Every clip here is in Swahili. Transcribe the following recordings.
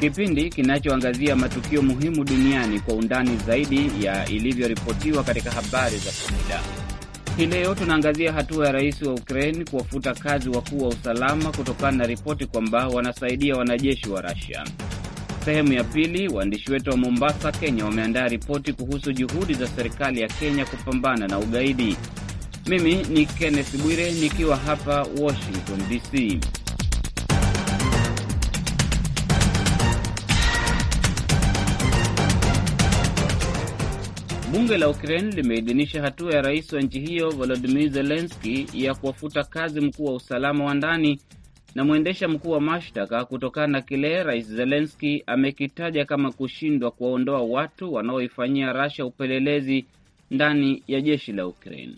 kipindi kinachoangazia matukio muhimu duniani kwa undani zaidi ya ilivyoripotiwa katika habari za kawaida. Hii leo tunaangazia hatua ya rais wa Ukraini kuwafuta kazi wakuu wa usalama kutokana na ripoti kwamba wanasaidia wanajeshi wa Rasia. Sehemu ya pili, waandishi wetu wa Mombasa, Kenya wameandaa ripoti kuhusu juhudi za serikali ya Kenya kupambana na ugaidi. Mimi ni Kenneth Bwire nikiwa hapa Washington DC. Bunge la Ukraine limeidhinisha hatua ya rais wa nchi hiyo Volodimir Zelenski ya kuwafuta kazi mkuu wa usalama wa ndani na mwendesha mkuu wa mashtaka kutokana na kile rais Zelenski amekitaja kama kushindwa kuwaondoa watu wanaoifanyia Rasha upelelezi ndani ya jeshi la Ukraine.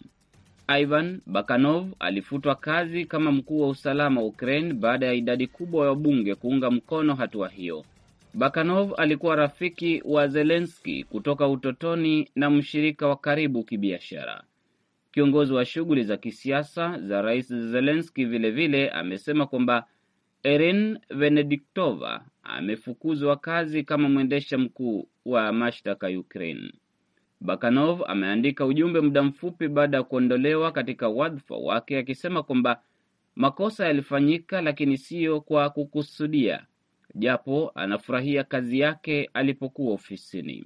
Ivan Bakanov alifutwa kazi kama mkuu wa usalama wa Ukraine baada ya idadi kubwa ya wabunge kuunga mkono hatua hiyo. Bakanov alikuwa rafiki wa Zelenski kutoka utotoni na mshirika wa karibu kibiashara. Kiongozi wa shughuli za kisiasa za Rais Zelenski vilevile amesema kwamba Erin Venediktova amefukuzwa kazi kama mwendesha mkuu wa mashtaka Ukraine. Bakanov ameandika ujumbe muda mfupi baada ya kuondolewa katika wadhifa wake akisema kwamba makosa yalifanyika, lakini siyo kwa kukusudia japo anafurahia kazi yake alipokuwa ofisini.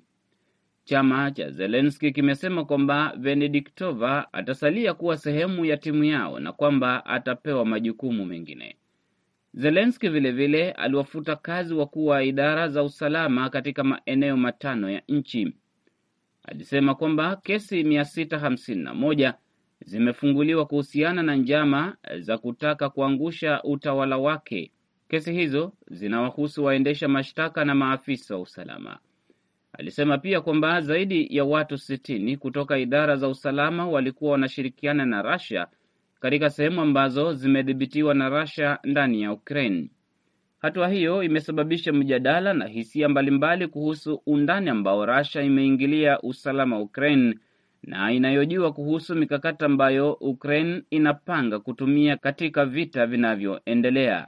Chama cha Zelenski kimesema kwamba Venediktova atasalia kuwa sehemu ya timu yao na kwamba atapewa majukumu mengine. Zelenski vilevile aliwafuta kazi wakuu wa idara za usalama katika maeneo matano ya nchi. Alisema kwamba kesi 651 zimefunguliwa kuhusiana na njama za kutaka kuangusha utawala wake Kesi hizo zinawahusu waendesha mashtaka na maafisa wa usalama. Alisema pia kwamba zaidi ya watu 60 kutoka idara za usalama walikuwa wanashirikiana na Russia katika sehemu ambazo zimedhibitiwa na Russia ndani ya Ukraine. Hatua hiyo imesababisha mjadala na hisia mbalimbali kuhusu undani ambao Russia imeingilia usalama wa Ukraine na inayojua kuhusu mikakati ambayo Ukraine inapanga kutumia katika vita vinavyoendelea.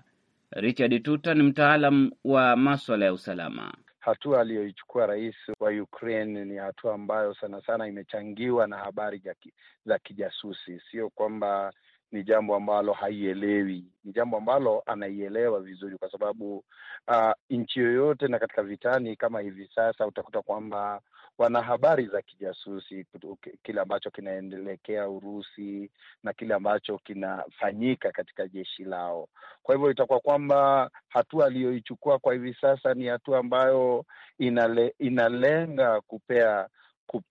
Richard Tuta ni mtaalam wa maswala ya usalama. Hatua aliyoichukua rais wa Ukraine ni hatua ambayo sana sana imechangiwa na habari za kijasusi, sio kwamba ni jambo ambalo haielewi, ni jambo ambalo anaielewa vizuri, kwa sababu uh, nchi yoyote na katika vitani kama hivi sasa utakuta kwamba wana habari za kijasusi, kile ambacho kinaendelekea Urusi na kile ambacho kinafanyika katika jeshi lao. Kwa hivyo itakuwa kwamba hatua aliyoichukua kwa hivi sasa ni hatua ambayo inale, inalenga kupea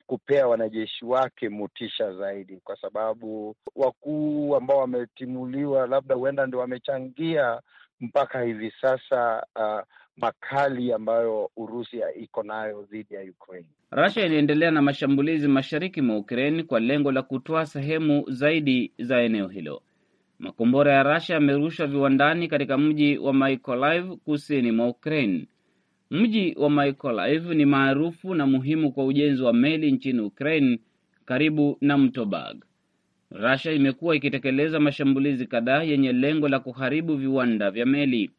kupea wanajeshi wake motisha zaidi, kwa sababu wakuu ambao wametimuliwa labda huenda ndio wamechangia mpaka hivi sasa uh, makali ambayo Urusi iko nayo dhidi ya Ukraine. Russia inaendelea na mashambulizi mashariki mwa Ukraine kwa lengo la kutoa sehemu zaidi za eneo hilo. Makombora ya Russia yamerushwa viwandani katika mji wa Mykolaiv kusini mwa Ukraine. Mji wa Mykolaiv ni maarufu na muhimu kwa ujenzi wa meli nchini Ukraine karibu na mto Bag. Russia imekuwa ikitekeleza mashambulizi kadhaa yenye lengo la kuharibu viwanda vya meli.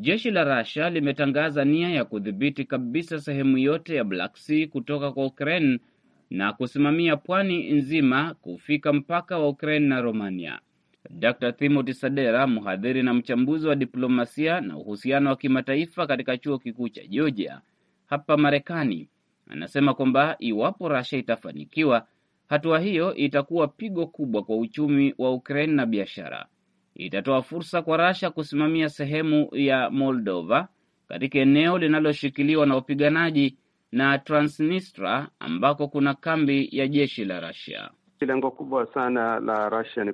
Jeshi la Russia limetangaza nia ya kudhibiti kabisa sehemu yote ya Black Sea kutoka kwa Ukraine na kusimamia pwani nzima kufika mpaka wa Ukraine na Romania. Dr. Timothy Sadera, mhadhiri na mchambuzi wa diplomasia na uhusiano wa kimataifa katika chuo kikuu cha Georgia hapa Marekani, anasema kwamba iwapo Russia itafanikiwa, hatua hiyo itakuwa pigo kubwa kwa uchumi wa Ukraine na biashara itatoa fursa kwa Rasha kusimamia sehemu ya Moldova katika eneo linaloshikiliwa na wapiganaji na Transnistria ambako kuna kambi ya jeshi la Rasia. Lengo kubwa sana la Russia ni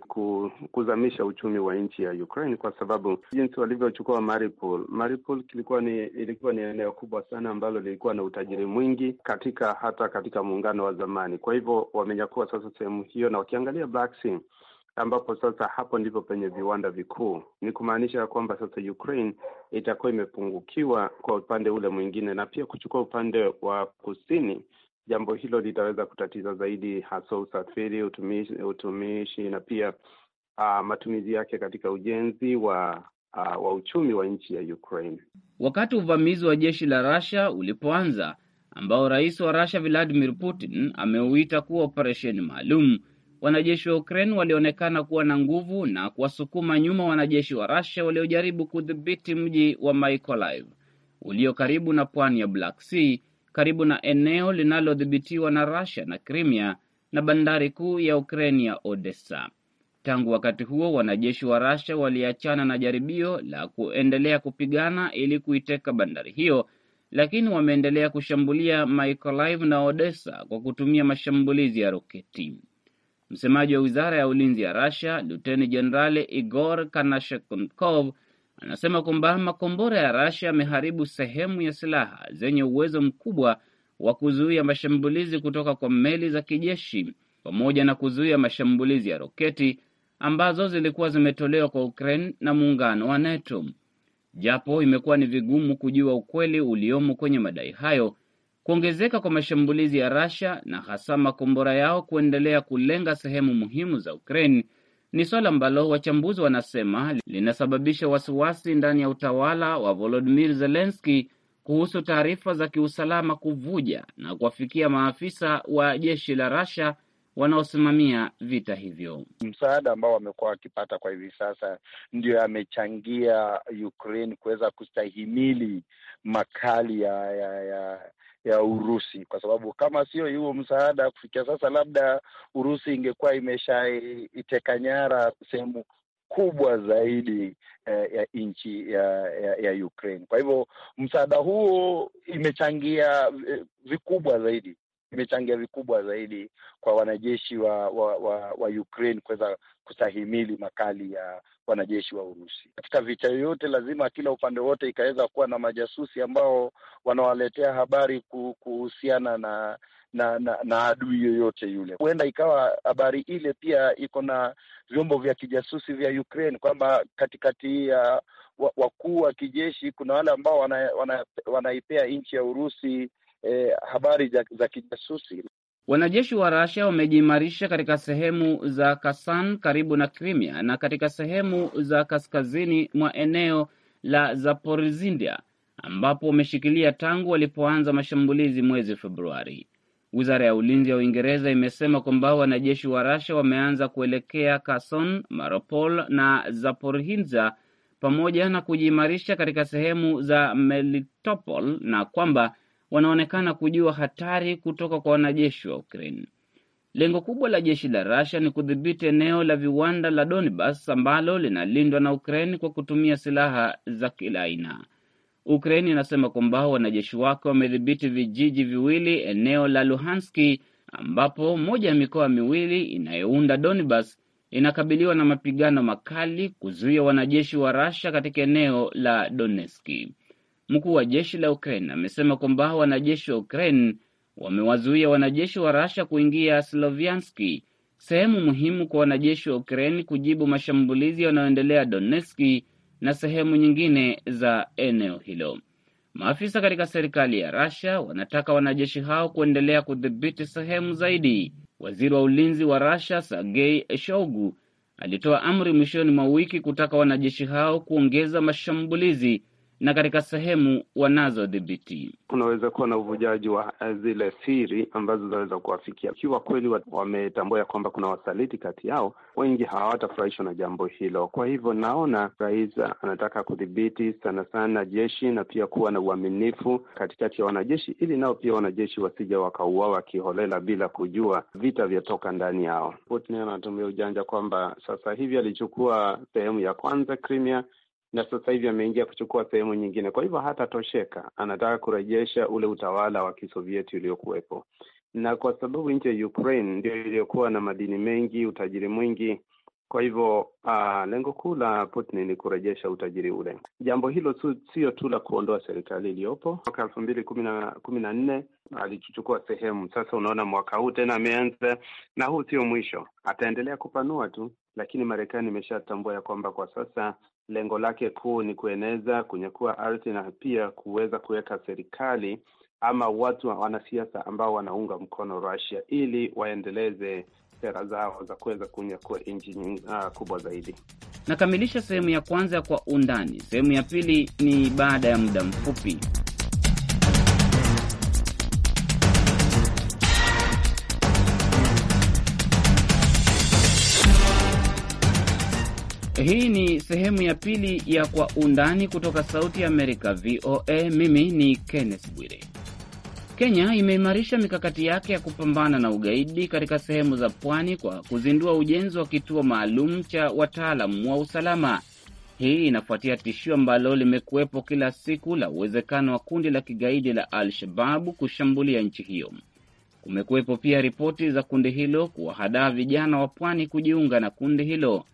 kuzamisha uchumi wa nchi ya Ukraine kwa sababu jinsi walivyochukua Mariupol. Mariupol kilikuwa ni ilikuwa ni eneo kubwa sana ambalo lilikuwa na utajiri mwingi katika hata katika muungano wa zamani. Kwa hivyo wamenyakua sasa sehemu hiyo, na wakiangalia Black Sea ambapo sasa hapo ndipo penye viwanda vikuu. Ni kumaanisha ya kwamba sasa Ukraine itakuwa imepungukiwa kwa upande ule mwingine, na pia kuchukua upande wa kusini jambo hilo litaweza kutatiza zaidi hasa usafiri, utumishi, utumishi na pia uh, matumizi yake katika ujenzi wa uh, wa uchumi wa nchi ya Ukraine. Wakati uvamizi wa jeshi la Russia ulipoanza, ambao rais wa Russia Vladimir Putin ameuita kuwa operesheni maalum, Wanajeshi wa Ukraine walionekana kuwa na nguvu na kuwasukuma nyuma wanajeshi wa Russia waliojaribu kudhibiti mji wa Mykolaiv ulio karibu na pwani ya Black Sea, karibu na eneo linalodhibitiwa na Russia na Crimea na bandari kuu ya Ukraine ya Odessa. Tangu wakati huo, wanajeshi wa Russia waliachana na jaribio la kuendelea kupigana ili kuiteka bandari hiyo, lakini wameendelea kushambulia Mykolaiv na Odessa kwa kutumia mashambulizi ya roketi. Msemaji wa wizara ya ulinzi ya Russia, luteni jenerali Igor Kanashnikov, anasema kwamba makombora ya Russia yameharibu sehemu ya silaha zenye uwezo mkubwa wa kuzuia mashambulizi kutoka kwa meli za kijeshi pamoja na kuzuia mashambulizi ya roketi ambazo zilikuwa zimetolewa kwa Ukraine na muungano wa NATO. Japo imekuwa ni vigumu kujua ukweli uliomo kwenye madai hayo, kuongezeka kwa mashambulizi ya Russia na hasa makombora yao kuendelea kulenga sehemu muhimu za Ukraine ni swala ambalo wachambuzi wanasema linasababisha wasiwasi ndani ya utawala wa Volodimir Zelenski kuhusu taarifa za kiusalama kuvuja na kuwafikia maafisa wa jeshi la Russia wanaosimamia vita hivyo. Msaada ambao wamekuwa wakipata kwa hivi sasa ndio yamechangia Ukraine kuweza kustahimili makali ya, ya, ya ya Urusi, kwa sababu kama sio huo msaada kufikia sasa, labda Urusi ingekuwa imeshaiteka nyara sehemu kubwa zaidi eh, ya nchi ya, ya, ya Ukraine. Kwa hivyo msaada huo imechangia eh, vikubwa zaidi imechangia vikubwa zaidi kwa wanajeshi wa wa, wa, wa Ukraine kuweza kustahimili makali ya wanajeshi wa Urusi. Katika vita yoyote, lazima kila upande wote ikaweza kuwa na majasusi ambao wanawaletea habari kuhusiana na na, na na adui yoyote yule. Huenda ikawa habari ile pia iko na vyombo vya kijasusi vya Ukraine kwamba katikati ya wakuu wa kijeshi kuna wale ambao wanaipea wana, wana nchi ya Urusi eh, habari za, za kijasusi. Wanajeshi wa Russia wamejiimarisha katika sehemu za Kasan karibu na Crimea na katika sehemu za kaskazini mwa eneo la zaporizindia ambapo wameshikilia tangu walipoanza mashambulizi mwezi Februari. Wizara ya ulinzi ya Uingereza imesema kwamba wanajeshi wa Rasha wameanza kuelekea Kherson, Mariupol na Zaporizhzhia pamoja na kujiimarisha katika sehemu za Melitopol na kwamba wanaonekana kujua hatari kutoka kwa wanajeshi wa Ukraine. Lengo kubwa la jeshi la Russia ni kudhibiti eneo la viwanda la Donbas ambalo linalindwa na Ukraine kwa kutumia silaha za kila aina. Ukraine inasema kwamba wanajeshi wake wamedhibiti vijiji viwili eneo la Luhanski, ambapo moja ya mikoa miwili inayounda Donbas inakabiliwa na mapigano makali kuzuia wanajeshi wa Russia katika eneo la Donetski. Mkuu wa jeshi la Ukraine amesema kwamba wanajeshi wa Ukraine wamewazuia wanajeshi wa Rasha kuingia Slovianski, sehemu muhimu kwa wanajeshi wa Ukraine kujibu mashambulizi yanayoendelea Donetski na sehemu nyingine za eneo hilo. Maafisa katika serikali ya Rasha wanataka wanajeshi hao kuendelea kudhibiti sehemu zaidi. Waziri wa ulinzi wa Rasha Sergei Shoigu alitoa amri mwishoni mwa wiki kutaka wanajeshi hao kuongeza mashambulizi na katika sehemu wanazodhibiti kunaweza kuwa na uvujaji wa eh, zile siri ambazo zinaweza kuwafikia. Ikiwa kweli wametambua ya kwamba kuna wasaliti kati yao, wengi hawatafurahishwa na jambo hilo. Kwa hivyo, naona rais anataka kudhibiti sana sana jeshi na pia kuwa na uaminifu katikati ya wanajeshi, ili nao pia wanajeshi wasija wakauawa kiholela bila kujua vita vyatoka ndani yao. Putin anatumia ujanja kwamba sasa hivi alichukua sehemu ya kwanza Crimea na sasa hivi ameingia kuchukua sehemu nyingine. Kwa hivyo hatatosheka, anataka kurejesha ule utawala wa kisovieti uliokuwepo, na kwa sababu nchi ya Ukraine ndio iliyokuwa na madini mengi, utajiri mwingi kwa hivyo uh, lengo kuu la Putin ni kurejesha utajiri ule. Jambo hilo sio tu la kuondoa serikali iliyopo. Mwaka elfu mbili kumi na nne alichukua sehemu, sasa unaona mwaka huu tena ameanza, na huu sio mwisho, ataendelea kupanua tu, lakini Marekani imeshatambua ya kwamba kwa sasa lengo lake kuu ni kueneza, kunyakua ardhi na pia kuweza kuweka serikali ama watu wanasiasa ambao wanaunga mkono Russia ili waendeleze sera zao za kuweza kunyakua nchi uh, kubwa zaidi. Nakamilisha sehemu ya kwanza kwa undani. Sehemu ya pili ni baada ya muda mfupi. Hii ni sehemu ya pili ya Kwa Undani kutoka Sauti ya Amerika, VOA. Mimi ni Kenneth Bwire. Kenya imeimarisha mikakati yake ya kupambana na ugaidi katika sehemu za pwani kwa kuzindua ujenzi wa kituo maalum cha wataalam wa usalama. Hii inafuatia tishio ambalo limekuwepo kila siku la uwezekano wa kundi la kigaidi la Al-Shababu kushambulia nchi hiyo. Kumekuwepo pia ripoti za kundi hilo kuwahadaa vijana wa pwani kujiunga na kundi hilo.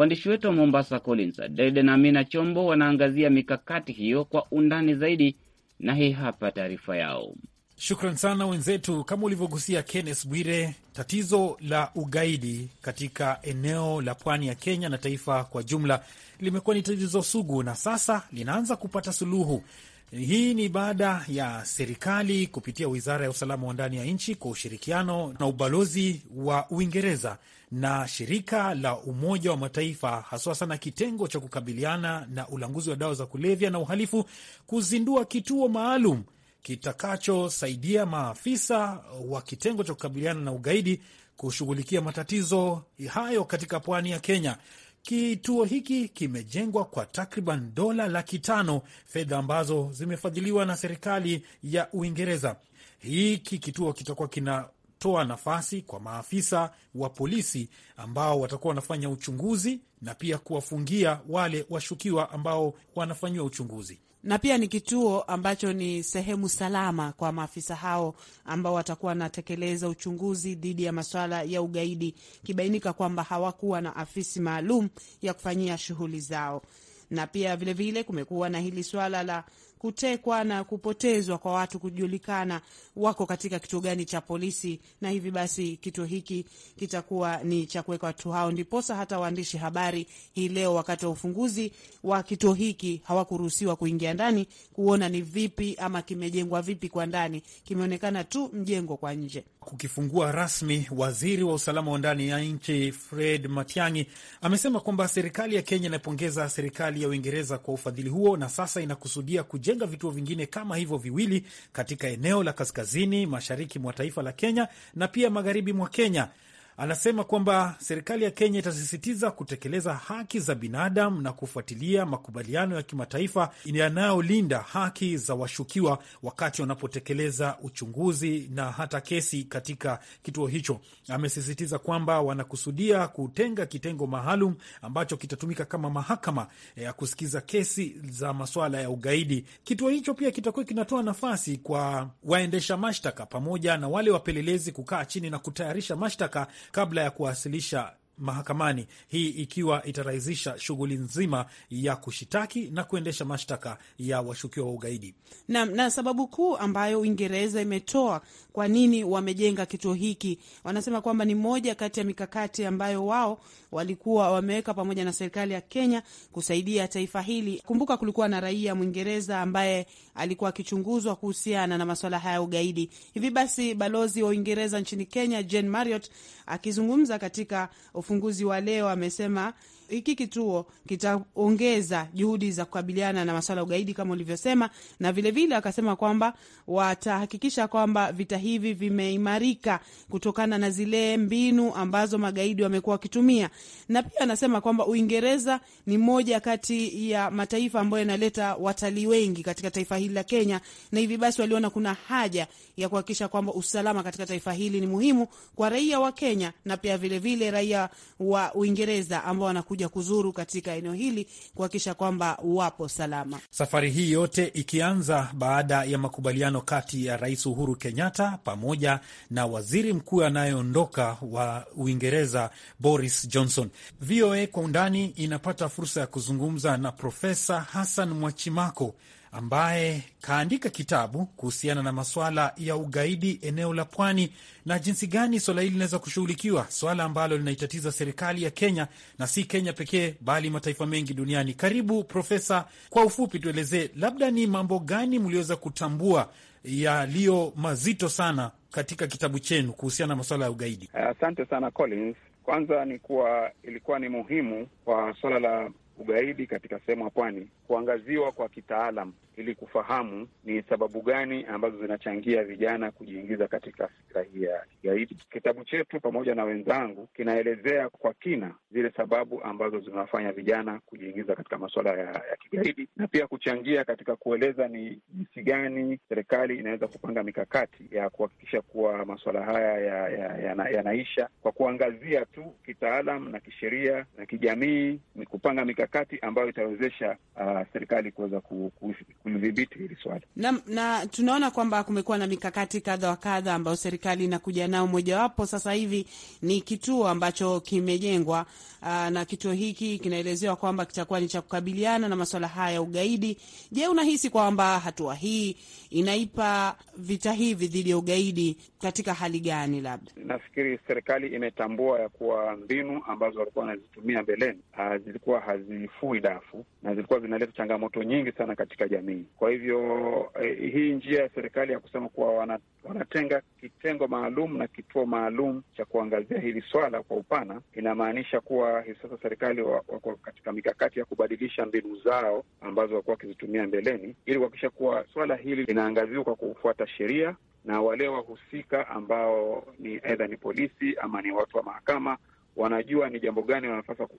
Waandishi wetu wa Mombasa, Collins Adede na Amina Chombo, wanaangazia mikakati hiyo kwa undani zaidi, na hii hapa taarifa yao. Shukran sana wenzetu. Kama ulivyogusia Kennes Bwire, tatizo la ugaidi katika eneo la pwani ya Kenya na taifa kwa jumla limekuwa ni tatizo sugu, na sasa linaanza kupata suluhu. Hii ni baada ya serikali kupitia wizara ya usalama wa ndani ya nchi kwa ushirikiano na ubalozi wa Uingereza na shirika la Umoja wa Mataifa haswa sana kitengo cha kukabiliana na ulanguzi wa dawa za kulevya na uhalifu kuzindua kituo maalum kitakachosaidia maafisa wa kitengo cha kukabiliana na ugaidi kushughulikia matatizo hayo katika pwani ya Kenya. Kituo hiki kimejengwa kwa takriban dola laki tano, fedha ambazo zimefadhiliwa na serikali ya Uingereza. Hiki kituo kitakuwa kina toa nafasi kwa maafisa wa polisi ambao watakuwa wanafanya uchunguzi na pia kuwafungia wale washukiwa ambao wanafanyiwa uchunguzi na pia ni kituo ambacho ni sehemu salama kwa maafisa hao ambao watakuwa wanatekeleza uchunguzi dhidi ya masuala ya ugaidi, kibainika kwamba hawakuwa na afisi maalum ya kufanyia shughuli zao. Na pia vilevile kumekuwa na hili swala la kutekwa na kupotezwa kwa watu kujulikana wako katika kituo gani cha polisi, na hivi basi kituo hiki kitakuwa ni cha kuweka watu hao. Ndiposa hata waandishi habari hii leo wakati wa ufunguzi wa kituo hiki hawakuruhusiwa kuingia ndani kuona ni vipi ama kimejengwa vipi kwa ndani, kimeonekana tu mjengo kwa nje. Kukifungua rasmi, waziri wa usalama wa ndani ya nchi Fred Matiang'i amesema kwamba serikali ya Kenya inapongeza serikali ya Uingereza kwa ufadhili huo na sasa inakusudia kujenga vituo vingine kama hivyo viwili katika eneo la kaskazini mashariki mwa taifa la Kenya na pia magharibi mwa Kenya. Anasema kwamba serikali ya Kenya itasisitiza kutekeleza haki za binadamu na kufuatilia makubaliano ya kimataifa yanayolinda haki za washukiwa wakati wanapotekeleza uchunguzi na hata kesi katika kituo hicho. Amesisitiza kwamba wanakusudia kutenga kitengo maalum ambacho kitatumika kama mahakama eh, ya kusikiza kesi za masuala ya ugaidi. Kituo hicho pia kitakuwa kinatoa nafasi kwa waendesha mashtaka pamoja na wale wapelelezi kukaa chini na kutayarisha mashtaka kabla ya kuwasilisha mahakamani, hii ikiwa itarahisisha shughuli nzima ya kushitaki na kuendesha mashtaka ya washukiwa wa ugaidi. Na, na sababu kuu ambayo Uingereza imetoa kwa nini wamejenga kituo hiki, wanasema kwamba ni moja kati ya mikakati ambayo wao walikuwa wameweka pamoja na serikali ya Kenya kusaidia taifa hili. Kumbuka kulikuwa na raia Mwingereza ambaye alikuwa akichunguzwa kuhusiana na maswala haya ya ugaidi. Hivi basi balozi wa Uingereza nchini Kenya Jane Marriott akizungumza katika mfunguzi wa leo amesema hiki kituo kitaongeza juhudi za kukabiliana na masuala ya ugaidi kama ulivyosema, na vilevile vile akasema kwamba watahakikisha kwamba vita hivi vimeimarika kutokana na zile mbinu ambazo magaidi wamekuwa wakitumia, na pia anasema kwamba Uingereza ni moja kati ya mataifa ambayo yanaleta watalii wengi katika taifa hili la Kenya, na hivi basi waliona kuna haja ya kuhakikisha kwamba usalama katika taifa hili ni muhimu kwa raia wa Kenya na pia vilevile vile raia wa Uingereza ambao wanakuja kuja kuzuru katika eneo hili kuhakikisha kwamba wapo salama. Safari hii yote ikianza baada ya makubaliano kati ya Rais Uhuru Kenyatta pamoja na waziri mkuu anayeondoka wa Uingereza Boris Johnson. VOA kwa undani inapata fursa ya kuzungumza na Profesa Hassan Mwachimako ambaye kaandika kitabu kuhusiana na maswala ya ugaidi eneo la pwani na jinsi gani swala hili linaweza kushughulikiwa, swala ambalo linaitatiza serikali ya Kenya na si Kenya pekee, bali mataifa mengi duniani. Karibu Profesa, kwa ufupi tuelezee labda ni mambo gani mliweza kutambua yaliyo mazito sana katika kitabu chenu kuhusiana na maswala ya ugaidi. Asante uh, sana Collins. Kwanza ni kuwa ilikuwa ni muhimu kwa swala la ugaidi katika sehemu ya pwani kuangaziwa kwa kitaalam ili kufahamu ni sababu gani ambazo zinachangia vijana kujiingiza katika fikra hii ya kigaidi. Kitabu chetu pamoja na wenzangu kinaelezea kwa kina zile sababu ambazo zinawafanya vijana kujiingiza katika masuala ya, ya kigaidi na pia kuchangia katika kueleza ni jinsi gani serikali inaweza kupanga mikakati ya kuhakikisha kuwa masuala haya yanaisha ya, ya, ya kwa kuangazia tu kitaalam na kisheria na kijamii, kupanga mikakati ambayo itawezesha uh, serikali kuweza kulidhibiti hili swala na, na tunaona kwamba kumekuwa na mikakati kadha wa kadha ambayo serikali inakuja nao. Mojawapo sasa hivi ni kituo ambacho kimejengwa ah, na kituo hiki kinaelezewa kwamba kitakuwa ni cha kukabiliana na maswala haya ya ugaidi. Je, unahisi kwamba hatua hii inaipa vita hivi dhidi ya ugaidi katika hali gani? Labda nafikiri serikali imetambua ya kuwa mbinu ambazo walikuwa wanazitumia mbeleni ah, zilikuwa hazifui dafu na zilikuwa zinaleta changamoto nyingi sana katika jamii. Kwa hivyo eh, hii njia ya serikali ya kusema kuwa wana, wanatenga kitengo maalum na kituo maalum cha kuangazia hili swala kwa upana inamaanisha kuwa hivi sasa serikali wako katika mikakati ya kubadilisha mbinu zao ambazo wakuwa wakizitumia mbeleni, ili kuhakikisha kuwa swala hili linaangaziwa kwa kufuata sheria na wale wahusika ambao ni aidha ni polisi ama ni watu wa mahakama wanajua ni jambo gani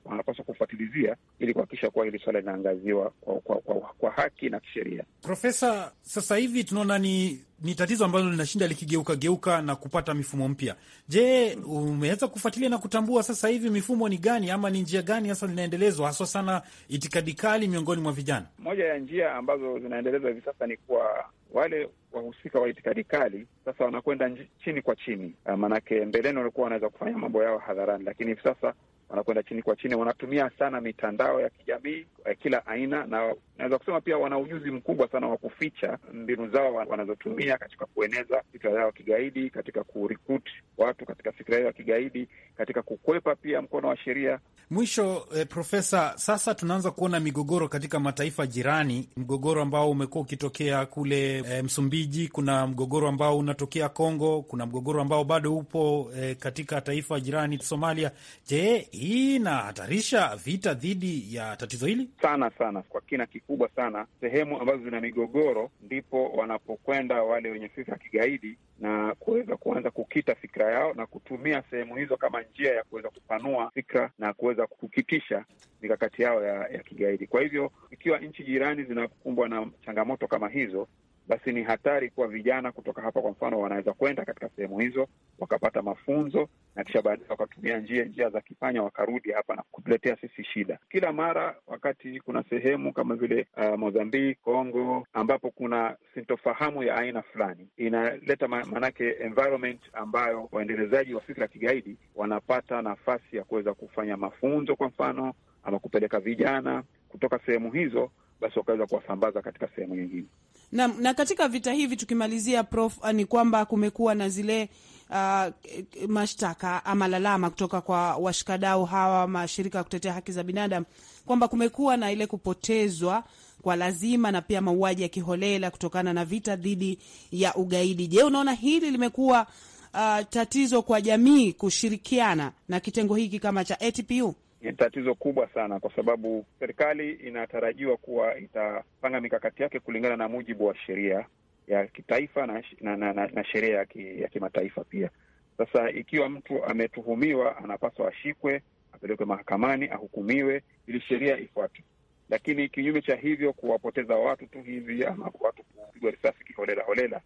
wanapaswa kufuatilizia ili kuhakikisha kuwa hili swala linaangaziwa kwa, kwa, kwa, kwa haki na kisheria. Profesa, sasa hivi tunaona ni ni tatizo ambalo linashinda likigeuka geuka na kupata mifumo mpya. Je, umeweza kufuatilia na kutambua sasa hivi mifumo ni gani ama ni njia gani hasa linaendelezwa haswa sana itikadi kali miongoni mwa vijana? Moja ya njia ambazo zinaendelezwa hivi sasa ni kuwa wale wahusika wa itikadi kali sasa wanakwenda chini kwa chini. Ah, maanake mbeleni walikuwa wanaweza kufanya mambo yao hadharani, lakini hivi sasa wanakwenda chini kwa chini, wanatumia sana mitandao ya kijamii ya eh, kila aina, na naweza kusema pia wana ujuzi mkubwa sana wa kuficha mbinu zao wanazotumia katika kueneza fikra zao kigaidi, katika kurikuti watu katika fikra hiyo ya kigaidi, katika kukwepa pia mkono wa sheria. Mwisho eh, Profesa, sasa tunaanza kuona migogoro katika mataifa jirani, mgogoro ambao umekuwa ukitokea kule eh, Msumbiji, kuna mgogoro ambao unatokea Kongo, kuna mgogoro ambao bado upo eh, katika taifa jirani Somalia. Je, hii inahatarisha vita dhidi ya tatizo hili sana sana, kwa kina kikubwa sana. Sehemu ambazo zina migogoro ndipo wanapokwenda wale wenye sifa kigaidi na kuweza kuanza kukita fikra yao na kutumia sehemu hizo kama njia ya kuweza kupanua fikra na kuweza kukitisha mikakati yao ya, ya kigaidi. Kwa hivyo ikiwa nchi jirani zinakumbwa na changamoto kama hizo basi ni hatari kuwa vijana kutoka hapa. Kwa mfano, wanaweza kwenda katika sehemu hizo wakapata mafunzo na kisha baadaye wakatumia njia njia za kipanya wakarudi hapa na kutuletea sisi shida kila mara. Wakati kuna sehemu kama vile uh, mozambiki Congo ambapo kuna sintofahamu ya aina fulani inaleta maanake environment ambayo waendelezaji wa fikra kigaidi wanapata nafasi ya kuweza kufanya mafunzo kwa mfano ama kupeleka vijana kutoka sehemu hizo basi wakaweza kuwasambaza katika sehemu nyingine. Na, na katika vita hivi tukimalizia, Prof, ah, ni kwamba kumekuwa na zile Uh, mashtaka ama lalama kutoka kwa washikadau hawa mashirika ya kutetea haki za binadamu kwamba kumekuwa na ile kupotezwa kwa lazima na pia mauaji ya kiholela kutokana na vita dhidi ya ugaidi. Je, unaona hili limekuwa uh, tatizo kwa jamii kushirikiana na kitengo hiki kama cha ATPU? ni tatizo kubwa sana, kwa sababu serikali inatarajiwa kuwa itapanga mikakati yake kulingana na mujibu wa sheria ya kitaifa na, na, na, na, na sheria ya, ki, ya kimataifa pia. Sasa ikiwa mtu ametuhumiwa, anapaswa ashikwe, apelekwe mahakamani, ahukumiwe ili sheria ifuatwe. Lakini kinyume cha hivyo, kuwapoteza watu tu hivi ama watu kupigwa risasi kiholela holela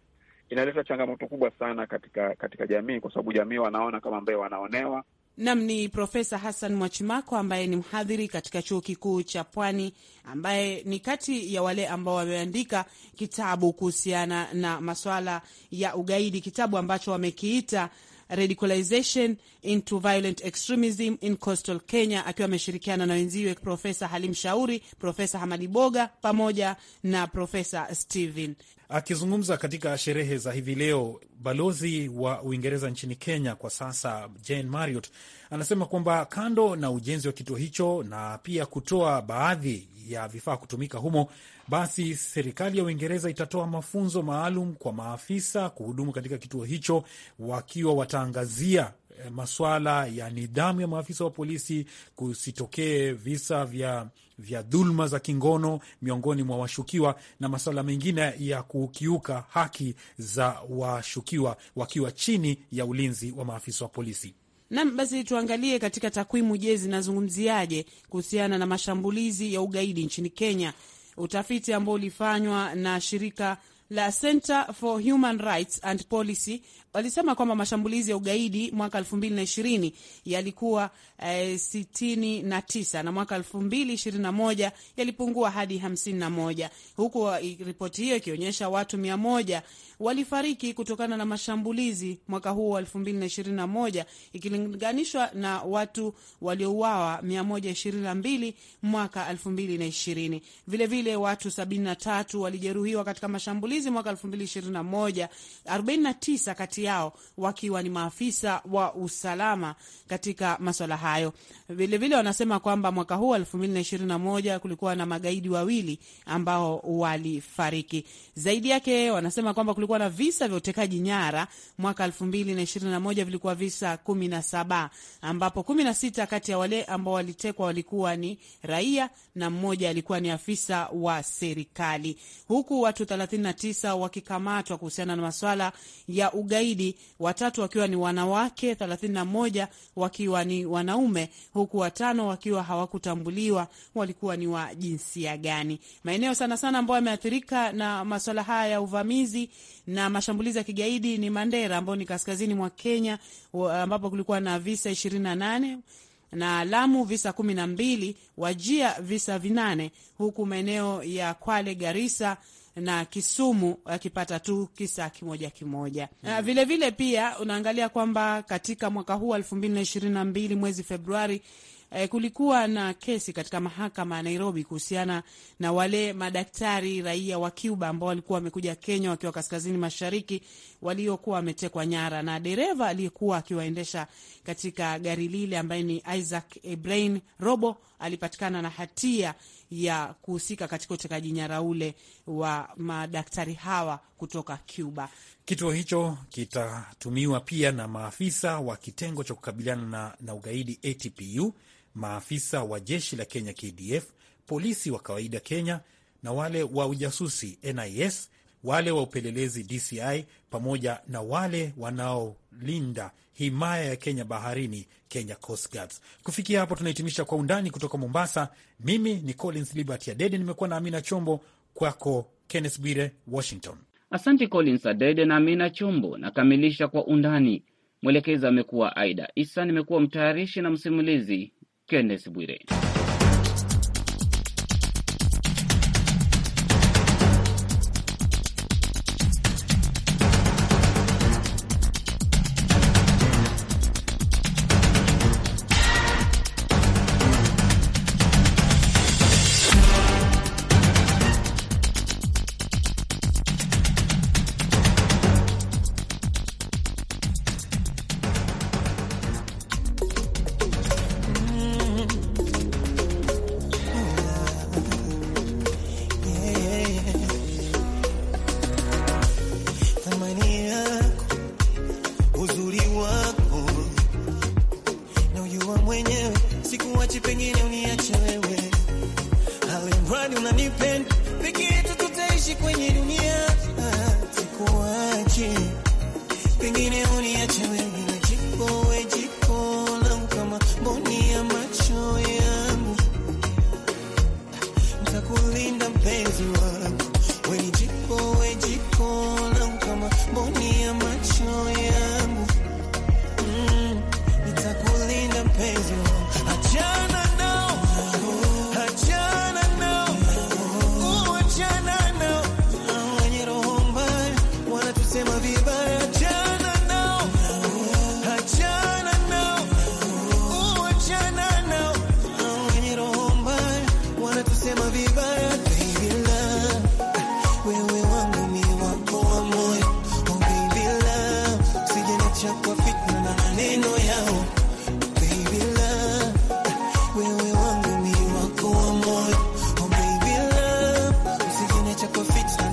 inaleta changamoto kubwa sana katika katika jamii, kwa sababu jamii wanaona kama ambaye wanaonewa Nam ni Profesa Hassan Mwachimako ambaye ni mhadhiri katika chuo kikuu cha Pwani, ambaye ni kati ya wale ambao wameandika kitabu kuhusiana na maswala ya ugaidi, kitabu ambacho wamekiita Radicalization into Violent Extremism in Coastal Kenya, akiwa ameshirikiana na wenziwe Profesa Halim Shauri, Profesa Hamadi Boga pamoja na Profesa Steven Akizungumza katika sherehe za hivi leo, balozi wa Uingereza nchini Kenya kwa sasa Jane Marriott anasema kwamba kando na ujenzi wa kituo hicho na pia kutoa baadhi ya vifaa kutumika humo, basi serikali ya Uingereza itatoa mafunzo maalum kwa maafisa kuhudumu katika kituo hicho, wakiwa wataangazia Eh, maswala ya nidhamu ya maafisa wa polisi, kusitokee visa vya vya dhuluma za kingono miongoni mwa washukiwa na masuala mengine ya kukiuka haki za washukiwa wakiwa chini ya ulinzi wa maafisa wa polisi. Nam, basi tuangalie katika takwimu. Je, zinazungumziaje kuhusiana na mashambulizi ya ugaidi nchini Kenya? Utafiti ambao ulifanywa na shirika la Center for Human Rights and Policy walisema kwamba mashambulizi ya ugaidi mwaka 2020 yalikuwa eh, 69 na mwaka 2021 yalipungua hadi 51, huku eh, ripoti hiyo ikionyesha watu 100 walifariki kutokana na mashambulizi mwaka huu wa 2021 ikilinganishwa na watu waliouawa 122 mwaka 2020. Vilevile watu 73 walijeruhiwa katika mashambulizi wakimbizi mwaka 2021, 49 kati yao wakiwa ni maafisa wa usalama katika maswala hayo. Vilevile vile wanasema kwamba mwaka huu 2021 kulikuwa na magaidi wawili ambao walifariki. Zaidi yake wanasema kwamba kulikuwa na visa vya utekaji nyara mwaka 2021, vilikuwa visa 17 ambapo 16 kati ya wale ambao walitekwa walikuwa ni raia na mmoja alikuwa ni afisa wa serikali, huku watu 39 tisa wakikamatwa kuhusiana na maswala ya ugaidi, watatu wakiwa ni wanawake, thelathini na moja wakiwa ni wanaume, huku watano wakiwa hawakutambuliwa walikuwa ni wa jinsia gani. Maeneo sana sana ambayo yameathirika na maswala haya ya uvamizi na mashambulizi ya kigaidi ni Mandera ambao ni kaskazini mwa Kenya, ambapo kulikuwa na visa 28 na Lamu visa kumi na mbili, Wajia visa vinane, huku maeneo ya Kwale, Garissa na Kisumu akipata tu kisa kimoja kimoja. Vilevile hmm. vile pia unaangalia kwamba katika mwaka huu elfu mbili na ishirini na mbili mwezi Februari eh, kulikuwa na kesi katika mahakama ya Nairobi kuhusiana na wale madaktari raia wa Cuba ambao walikuwa wamekuja Kenya wakiwa kaskazini mashariki waliokuwa wametekwa nyara na dereva aliyekuwa akiwaendesha katika gari lile ambaye ni Isaac Ebrain Robo alipatikana na hatia ya kuhusika katika utekaji nyara ule wa madaktari hawa kutoka Cuba. Kituo hicho kitatumiwa pia na maafisa wa kitengo cha kukabiliana na, na ugaidi ATPU, maafisa wa jeshi la Kenya KDF, polisi wa kawaida Kenya na wale wa ujasusi NIS, wale wa upelelezi DCI, pamoja na wale wanaolinda himaya ya Kenya baharini, Kenya Coast Guards. Kufikia hapo tunahitimisha kwa undani kutoka Mombasa. Mimi ni Collins Liberty Adede, nimekuwa na Amina Chombo. Kwako Kenneth Bwire, Washington. Asante Collins Adede na Amina Chombo. Nakamilisha kwa undani. Mwelekezi amekuwa Aida Isa, nimekuwa mtayarishi na msimulizi Kenneth Bwire.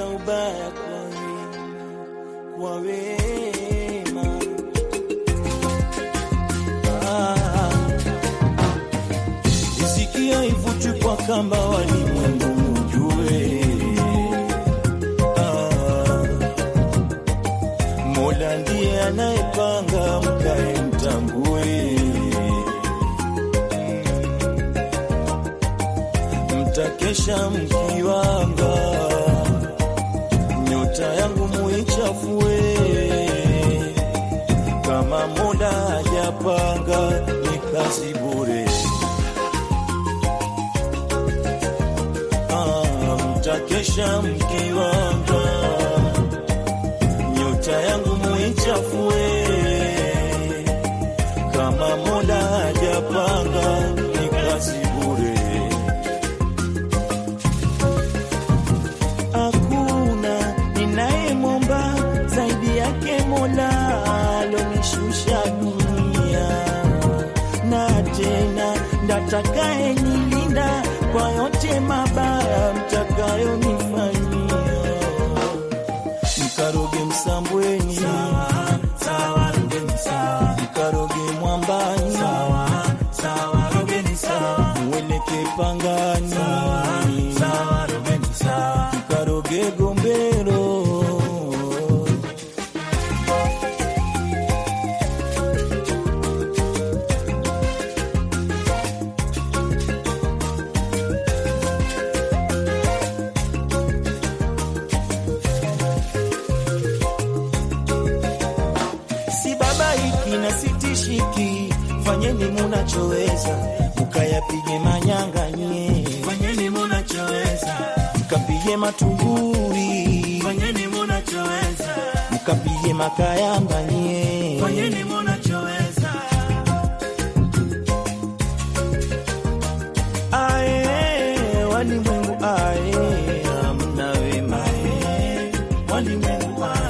kumaliza ubaya kwa wema. Ah, isikia ivutwi kwa kamba, walimwengu mujue ah, Mola ndiye anayepanga, mkae mtambue, mtakesha mkiwanga kamwe, kama Mola yapanga ni kazi bure. Ah, mtakesha mkiwa Hollywood.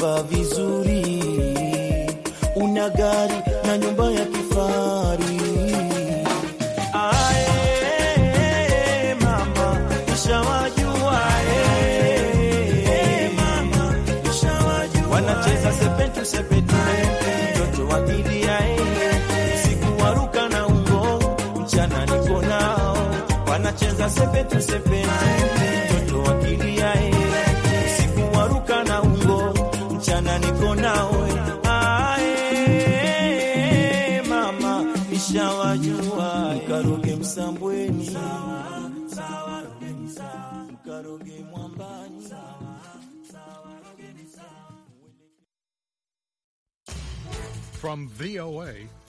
unavaa vizuri, una gari na nyumba ya kifahari. sepetu mtoto wa siku waruka na ungo, mchana niko nao wanacheza sepetu sepetu from VOA